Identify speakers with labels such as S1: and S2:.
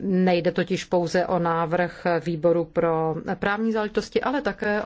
S1: Nejde totiž pouze o návrh výboru pro právní záležitosti, ale také